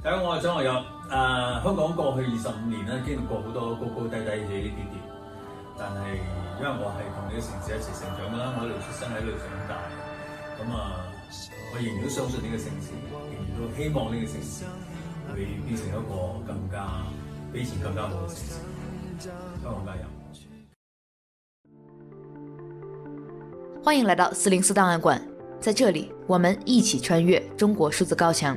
大家好，我係張學友。誒、呃，香港過去二十五年咧，經歷過好多高高低低、起起跌跌。但係、呃、因為我係同呢個城市一齊成長噶啦，我一路出生喺度長大。咁、嗯、啊，我仍然都相信呢個城市，仍然都希望呢個城市會變成一個更加比以前更加好嘅城市。香港加油！歡迎來到四零四檔案館，在這裏我們一起穿越中國數字高牆。